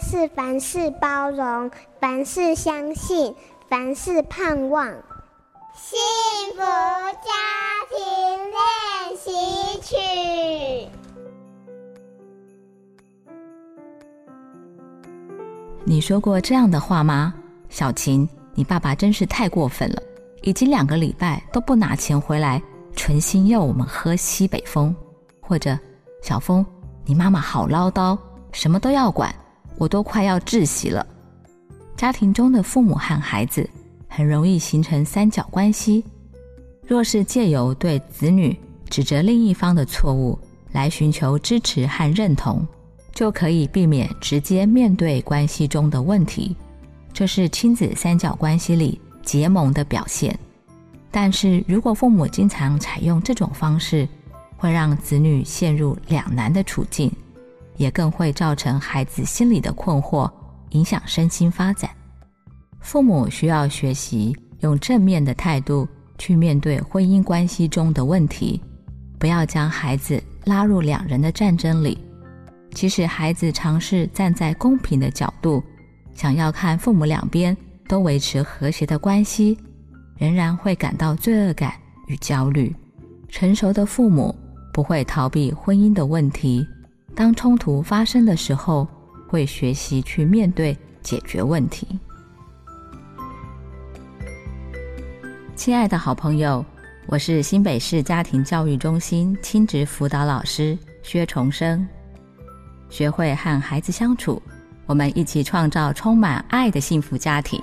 是凡事包容，凡事相信，凡事盼望。幸福家庭練習曲。你說過這樣的話嗎，小琴，你爸爸真是太過分了，已經兩個禮拜都不拿錢回來，存心要我們喝西北風。或者，小峰，你媽媽好嘮叨，什麼都要管。我都快要窒息了。家庭中的父母和孩子很容易形成三角關係。若是借由對子女指責另一方的錯誤來尋求支持和認同，就可以避免直接面對關係中的問題，這是親子三角關係裡結盟的表現。但是如果父母經常採用這種方式，會讓子女陷入兩難的處境。也更會造成孩子心理的困惑，影響身心發展。父母需要學習用正面的態度去面對婚姻關係中的問題，不要將孩子拉入兩人的戰爭裡。即使孩子嘗試站在公平的角度，想要看父母兩邊都維持和諧的關係，仍然會感到罪惡感與焦慮。成熟的父母不會逃避婚姻的問題。當衝突發生的時候，會學習去面對、解決問題。親愛的好朋友，我是新北市家庭教育中心親職輔導老師薛重生。學會和孩子相處，我們一起創造充滿愛的幸福家庭。